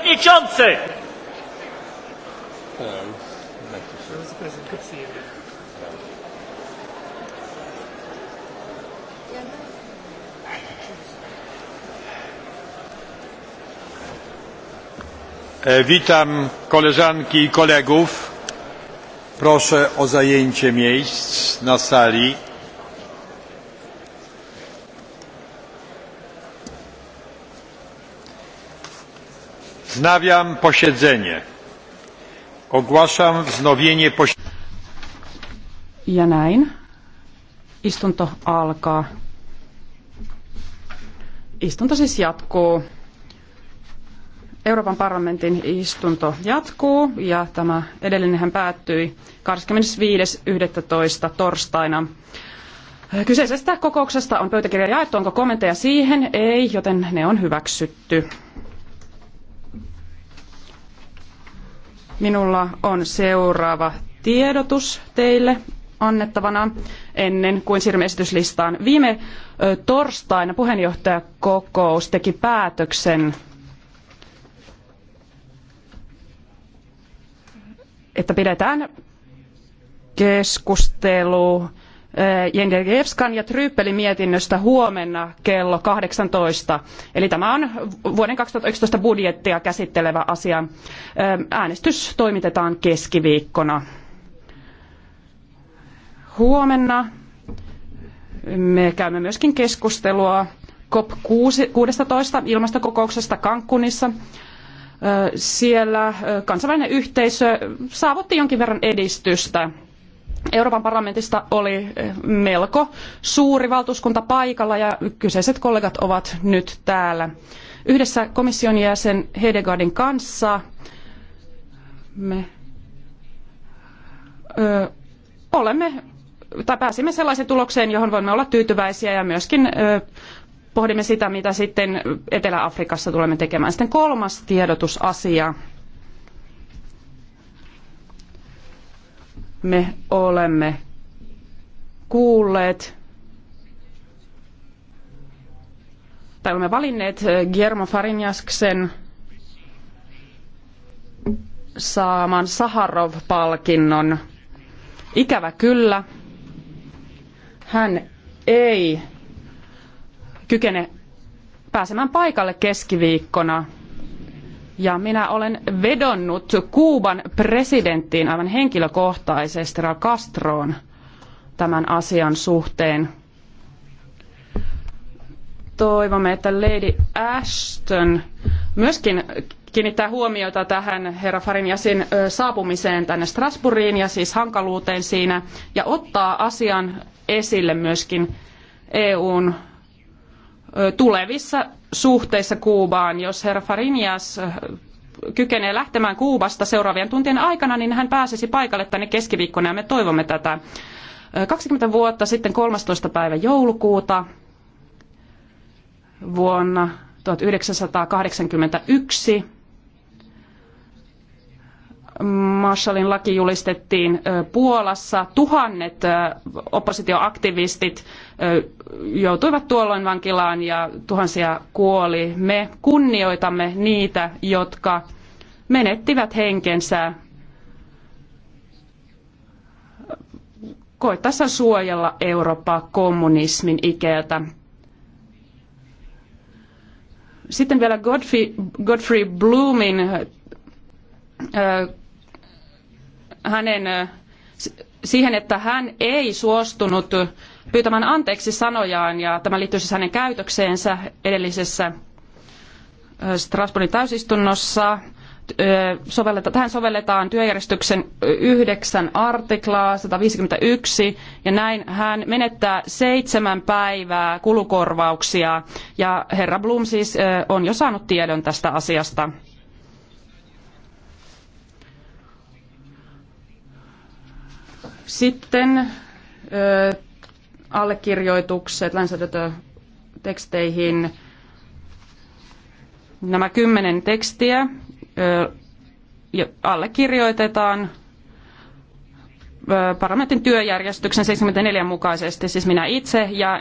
przewodniczący! E, witam koleżanki i kolegów. Proszę o zajęcie miejsc na sali. Wznawiam posiedzenie. Ogłaszam wznowienie posiedzenia. Ja näin. Istunto alkaa. Istunto siis jatkuu. Euroopan parlamentin istunto jatkuu ja tämä edellinenhän päättyi 25.11. torstaina. Kyseisestä kokouksesta on pöytäkirja jaettu. Onko kommentteja siihen? Ei, joten ne on hyväksytty. Minulla on seuraava tiedotus teille annettavana ennen kuin siirrymme esityslistaan. Viime torstaina puheenjohtajakokous teki päätöksen, että pidetään keskustelu Äh, Jendegevskan ja Tryppelin mietinnöstä huomenna kello 18. Eli tämä on vuoden 2011 budjettia käsittelevä asia. Äh, äänestys toimitetaan keskiviikkona. Huomenna me käymme myöskin keskustelua COP16 ilmastokokouksesta Cancunissa. Äh, siellä kansainvälinen yhteisö saavutti jonkin verran edistystä Euroopan parlamentista oli eh, melko suuri valtuuskunta paikalla ja kyseiset kollegat ovat nyt täällä. Yhdessä komission jäsen Hedegaardin kanssa me ö, olemme tai pääsimme sellaiseen tulokseen, johon voimme olla tyytyväisiä ja myöskin ö, pohdimme sitä, mitä sitten Etelä-Afrikassa tulemme tekemään. Sitten kolmas tiedotusasia. me olemme kuulleet tai olemme valinneet eh, Guillermo Farinjasksen saaman Saharov-palkinnon. Ikävä kyllä, hän ei kykene pääsemään paikalle keskiviikkona – ja minä olen vedonnut Kuuban presidenttiin aivan henkilökohtaisesti Raul Castroon tämän asian suhteen. Toivomme, että Lady Ashton myöskin kiinnittää huomiota tähän herra Farinjasin saapumiseen tänne Strasbourgiin ja siis hankaluuteen siinä ja ottaa asian esille myöskin EUn tulevissa suhteissa Kuubaan. Jos herra Farinias kykenee lähtemään Kuubasta seuraavien tuntien aikana, niin hän pääsisi paikalle tänne keskiviikkona ja me toivomme tätä. 20 vuotta sitten 13. päivä joulukuuta vuonna 1981 Marshallin laki julistettiin Puolassa. Tuhannet oppositioaktivistit joutuivat tuolloin vankilaan ja tuhansia kuoli. Me kunnioitamme niitä, jotka menettivät henkensä koettaessa suojella Eurooppaa kommunismin ikeltä. Sitten vielä Godfrey, Godfrey Bloomin hänen, siihen, että hän ei suostunut pyytämään anteeksi sanojaan, ja tämä liittyy siis hänen käytökseensä edellisessä Strasbourgin täysistunnossa. tähän sovelletaan työjärjestyksen 9 artiklaa 151 ja näin hän menettää seitsemän päivää kulukorvauksia ja herra Blum siis on jo saanut tiedon tästä asiasta. Sitten ö, allekirjoitukset lainsäädäntöteksteihin. Nämä kymmenen tekstiä ö, allekirjoitetaan parlamentin työjärjestyksen 74 mukaisesti, siis minä itse ja